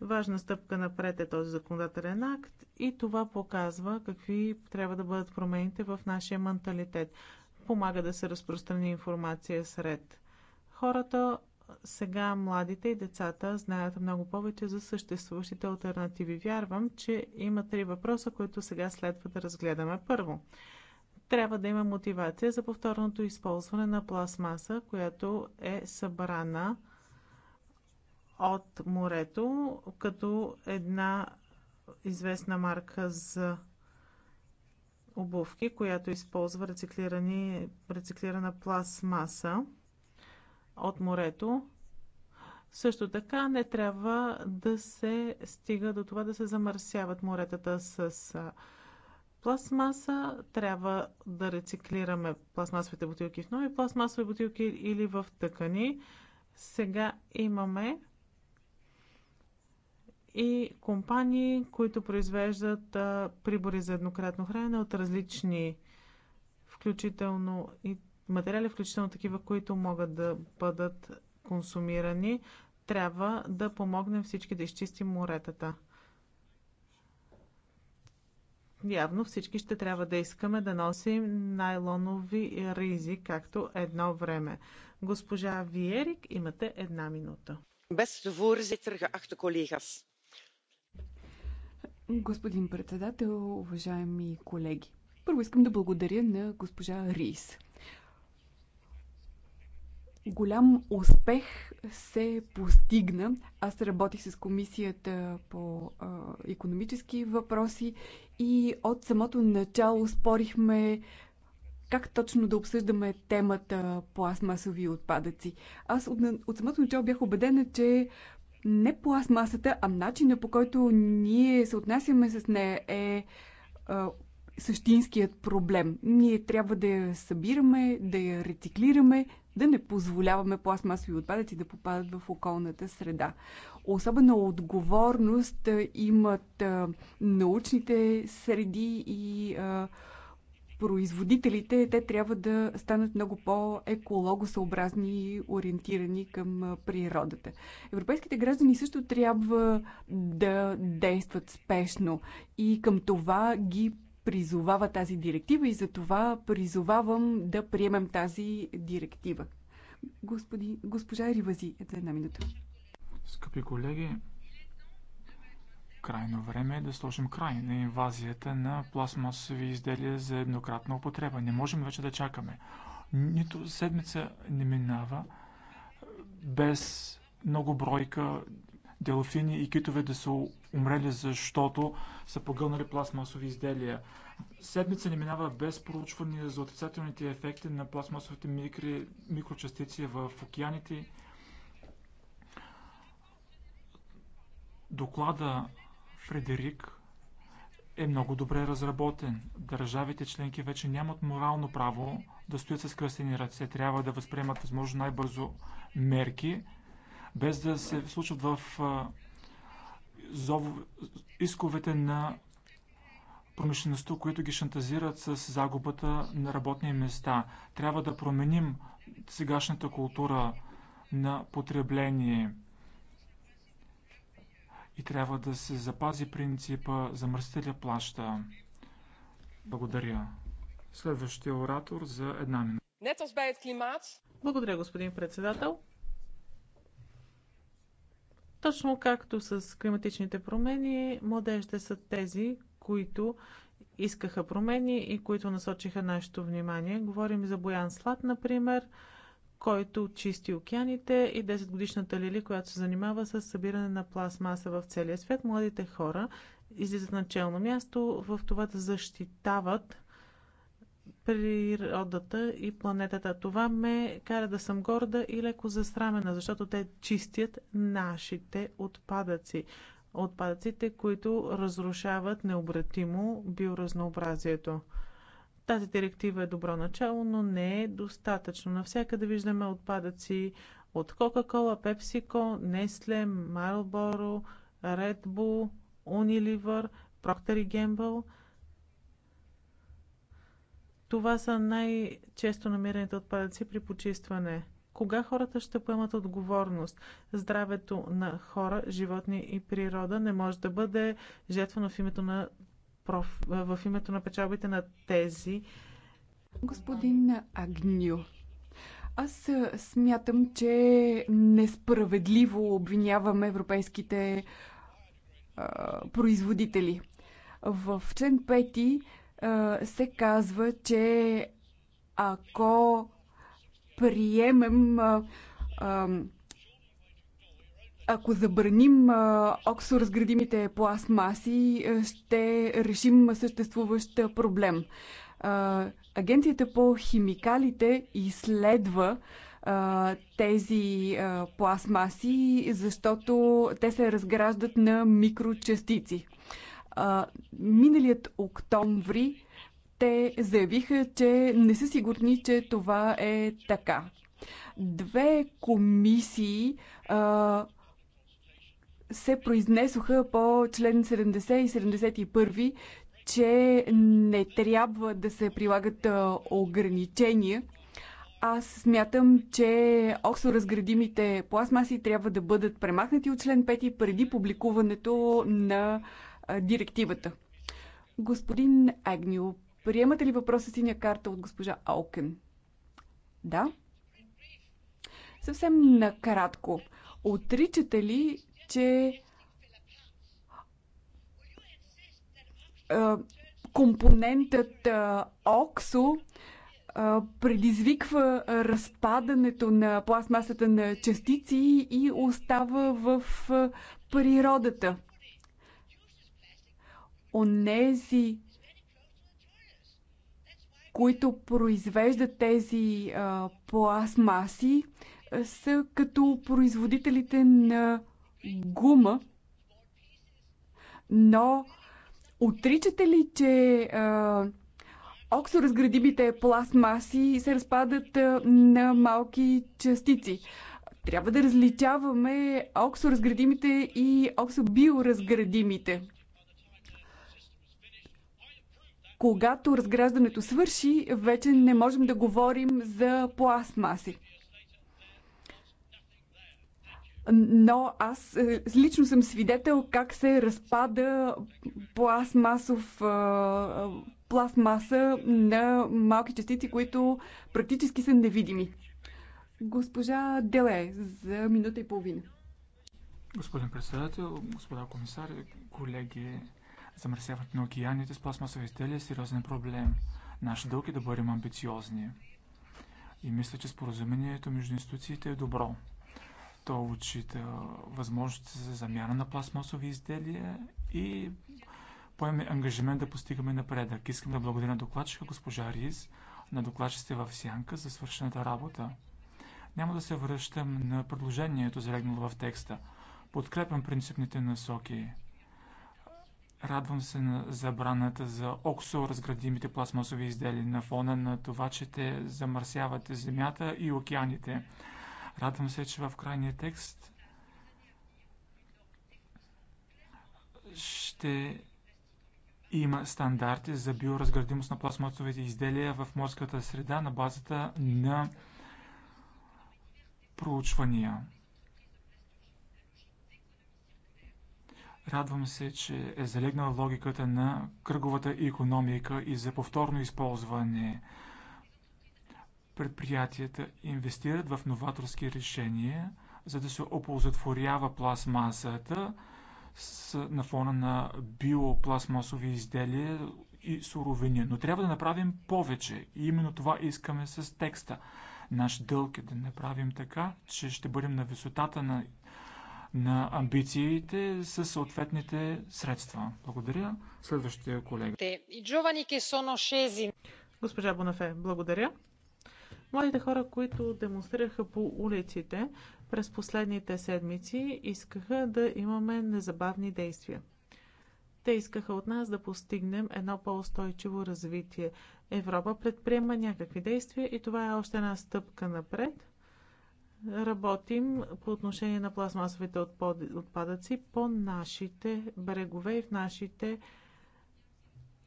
Важна стъпка напред е този законодателен акт и това показва какви трябва да бъдат промените в нашия менталитет. Помага да се разпространи информация сред хората сега младите и децата знаят много повече за съществуващите альтернативи. Вярвам, че има три въпроса, които сега следва да разгледаме. Първо, трябва да има мотивация за повторното използване на пластмаса, която е събрана от морето, като една известна марка за обувки, която използва рециклирана пластмаса от морето. Също така не трябва да се стига до това да се замърсяват моретата с пластмаса. Трябва да рециклираме пластмасовите бутилки в нови пластмасови бутилки или в тъкани. Сега имаме и компании, които произвеждат прибори за еднократно хранене от различни, включително и материали, включително такива, които могат да бъдат консумирани. Трябва да помогнем всички да изчистим моретата. Явно всички ще трябва да искаме да носим найлонови ризи, както едно време. Госпожа Виерик, имате една минута. Beste voorzitter, geachte collega's. Господин председател, уважаеми колеги. Първо искам да благодаря на госпожа Рис голям успех се постигна. Аз работих с комисията по а, економически въпроси и от самото начало спорихме как точно да обсъждаме темата пластмасови отпадъци. Аз от, от самото начало бях убедена, че не пластмасата, а начина по който ние се отнасяме с нея е а, същинският проблем. Ние трябва да я събираме, да я рециклираме, да не позволяваме пластмасови отпадъци да попадат в околната среда. Особена отговорност имат научните среди и производителите. Те трябва да станат много по-екологосъобразни и ориентирани към природата. Европейските граждани също трябва да действат спешно и към това ги призовава тази директива и за това призовавам да приемем тази директива. Господи, госпожа Ривази, е за една минута. Скъпи колеги, крайно време е да сложим край на инвазията на пластмасови изделия за еднократна употреба. Не можем вече да чакаме. Нито седмица не минава без много бройка делфини и китове да се умрели, защото са погълнали пластмасови изделия. Седмица не минава без проучвания за отрицателните ефекти на пластмасовите микри, микрочастици в океаните. Доклада Фредерик е много добре разработен. Държавите членки вече нямат морално право да стоят с кръстени ръце. Трябва да възприемат възможно най-бързо мерки, без да се случват в зов... исковете на промишлеността, които ги шантазират с загубата на работни места. Трябва да променим сегашната култура на потребление и трябва да се запази принципа замърсителя плаща. Благодаря. Следващия оратор за една минута. Е Благодаря, господин председател. Точно както с климатичните промени, младежите са тези, които искаха промени и които насочиха нашето внимание. Говорим за Боян Слад, например, който чисти океаните и 10-годишната Лили, която се занимава с събиране на пластмаса в целия свят. Младите хора излизат на челно място в това да защитават природата и планетата. Това ме кара да съм горда и леко засрамена, защото те чистят нашите отпадъци. Отпадъците, които разрушават необратимо биоразнообразието. Тази директива е добро начало, но не е достатъчно. Навсякъде виждаме отпадъци от Кока-Кола, PepsiCo, Nestle, Marlboro, Red Bull, Unilever, Procter Gamble – това са най-често намираните отпадъци при почистване. Кога хората ще поемат отговорност? Здравето на хора, животни и природа не може да бъде жетвано в името на, проф... в името на печалбите на тези. Господин Агню, аз смятам, че несправедливо обвиняваме европейските а, производители. В член се казва, че ако приемем ако забраним оксоразградимите пластмаси, ще решим съществуващ проблем. Агенцията по химикалите изследва тези пластмаси, защото те се разграждат на микрочастици. А, миналият октомври те заявиха, че не са сигурни, че това е така. Две комисии а, се произнесоха по член 70 и 71, че не трябва да се прилагат ограничения. Аз смятам, че оксоразградимите пластмаси трябва да бъдат премахнати от член 5 преди публикуването на директивата. Господин Агнио, приемате ли въпроса синя карта от госпожа Алкен? Да. Съвсем накратко. Отричате ли, че компонентът ОКСО предизвиква разпадането на пластмасата на частици и остава в природата онези, които произвеждат тези а, пластмаси, са като производителите на гума, но отричате ли, че а, оксоразградимите пластмаси се разпадат а, на малки частици? Трябва да различаваме оксоразградимите и оксобиоразградимите. Когато разграждането свърши, вече не можем да говорим за пластмаси. Но аз е, лично съм свидетел как се разпада пластмасов е, пластмаса на малки частици, които практически са невидими. Госпожа Деле, за минута и половина. Господин председател, господа комисари, колеги, Замърсяването на океаните с пластмасови изделия е сериозен проблем. Наш дълг е да бъдем амбициозни. И мисля, че споразумението между институциите е добро. То отчита възможности за замяна на пластмасови изделия и поеме ангажимент да постигаме напредък. Искам да благодаря на докладчика госпожа Риз, на докладчиците в Сянка за свършената работа. Няма да се връщам на предложението, залегнало в текста. Подкрепям принципните насоки Радвам се на забраната за оксо разградимите пластмасови изделия на фона на това, че те замърсяват земята и океаните. Радвам се, че в крайния текст ще има стандарти за биоразградимост на пластмасовите изделия в морската среда на базата на проучвания. Радвам се, че е залегнала логиката на кръговата економика и за повторно използване. Предприятията инвестират в новаторски решения, за да се оползотворява пластмасата с, на фона на биопластмасови изделия и суровини. Но трябва да направим повече. И именно това искаме с текста. Наш дълг е да направим така, че ще бъдем на висотата на на амбициите със съответните средства. Благодаря. Следващия колега. и Госпожа Бонафе, благодаря. Младите хора, които демонстрираха по улиците през последните седмици, искаха да имаме незабавни действия. Те искаха от нас да постигнем едно по-устойчиво развитие. Европа предприема някакви действия и това е още една стъпка напред – работим по отношение на пластмасовите отпадъци по нашите брегове и в нашите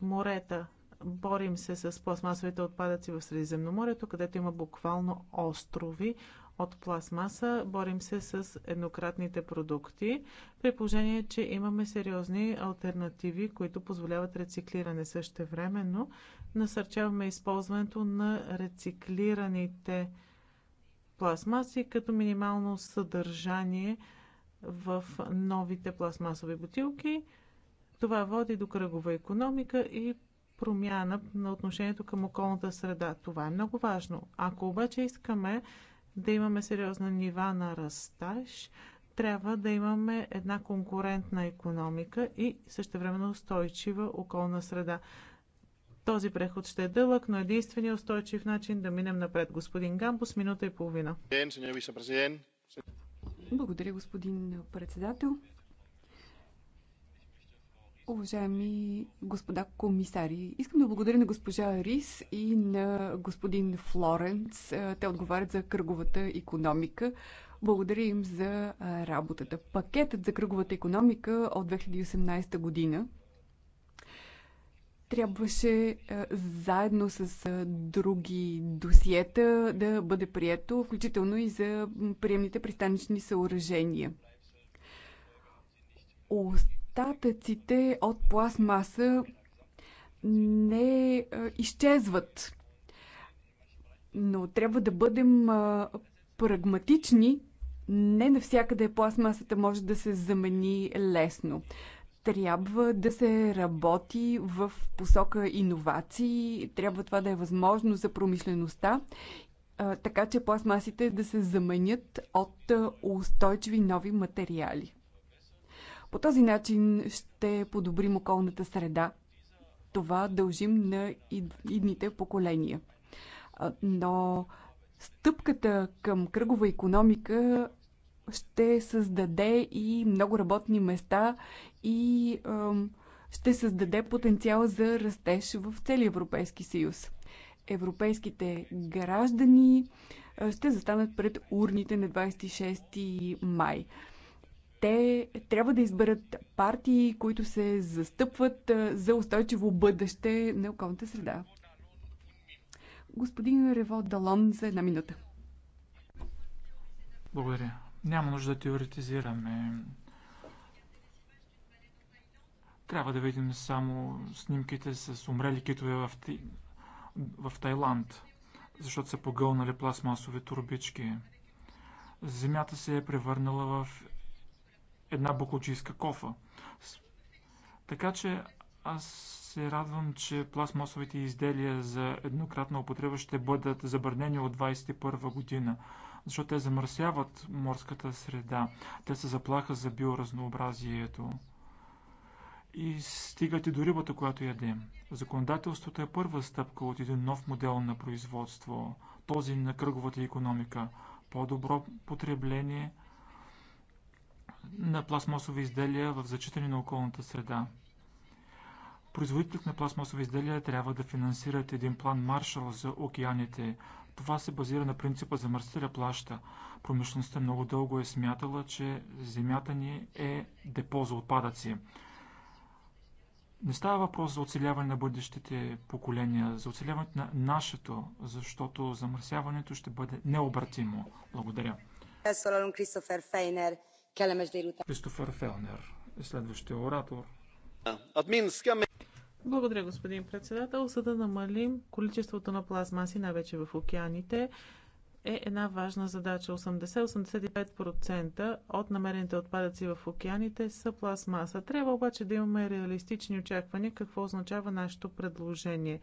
морета. Борим се с пластмасовите отпадъци в Средиземноморието, където има буквално острови от пластмаса. Борим се с еднократните продукти, при положение, че имаме сериозни альтернативи, които позволяват рециклиране също времено. Насърчаваме използването на рециклираните пластмаси като минимално съдържание в новите пластмасови бутилки. Това води до кръгова економика и промяна на отношението към околната среда. Това е много важно. Ако обаче искаме да имаме сериозна нива на растаж, трябва да имаме една конкурентна економика и същевременно устойчива околна среда. Този преход ще е дълъг, но единствения устойчив начин да минем напред. Господин Гамбус, минута и половина. Благодаря, господин председател. Уважаеми господа комисари, искам да благодаря на госпожа Рис и на господин Флоренц. Те отговарят за кръговата економика. Благодаря им за работата. Пакетът за кръговата економика от 2018 година трябваше е, заедно с е, други досиета да бъде прието, включително и за приемните пристанични съоръжения. Остатъците от пластмаса не е, изчезват, но трябва да бъдем прагматични. Не навсякъде пластмасата може да се замени лесно трябва да се работи в посока иновации, трябва това да е възможно за промишлеността, така че пластмасите да се заменят от устойчиви нови материали. По този начин ще подобрим околната среда. Това дължим на идните поколения. Но стъпката към кръгова економика ще създаде и много работни места и ще създаде потенциал за растеж в целия Европейски съюз. Европейските граждани ще застанат пред урните на 26 май. Те трябва да изберат партии, които се застъпват за устойчиво бъдеще на околната среда. Господин Рево Далон за една минута. Благодаря. Няма нужда да теоретизираме. Трябва да видим само снимките с умрели китове в, в Тайланд, защото са погълнали пластмасови турбички. Земята се е превърнала в една буклучийска кофа. Така че аз се радвам, че пластмасовите изделия за еднократна употреба ще бъдат забранени от 2021 година, защото те замърсяват морската среда. Те са заплаха за биоразнообразието и стигат и до рибата, която ядем. Законодателството е първа стъпка от един нов модел на производство, този на кръговата економика. По-добро потребление на пластмасови изделия в зачитане на околната среда. Производителите на пластмасови изделия трябва да финансират един план Маршал за океаните. Това се базира на принципа замърсителя плаща. Промишлеността много дълго е смятала, че земята ни е депо за отпадъци. Не става въпрос за оцеляване на бъдещите поколения, за оцеляването на нашето, защото замърсяването ще бъде необратимо. Благодаря. Кристофер Фелнер е следващия оратор. Благодаря, господин председател. За да намалим количеството на пластмаси, най-вече в океаните, е една важна задача. 80-85% от намерените отпадъци в океаните са пластмаса. Трябва обаче да имаме реалистични очаквания какво означава нашето предложение.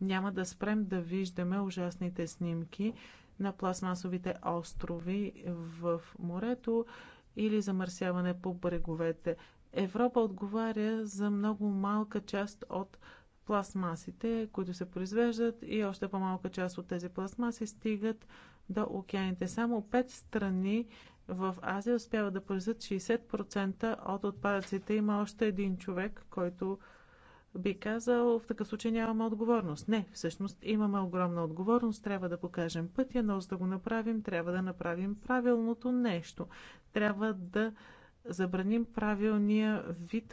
Няма да спрем да виждаме ужасните снимки на пластмасовите острови в морето или замърсяване по бреговете. Европа отговаря за много малка част от пластмасите, които се произвеждат и още по-малка част от тези пластмаси стигат до океаните. Само пет страни в Азия успяват да произведат 60% от отпадъците. Има още един човек, който би казал, в такъв случай нямаме отговорност. Не, всъщност имаме огромна отговорност, трябва да покажем пътя, но за да го направим, трябва да направим правилното нещо. Трябва да забраним правилния вид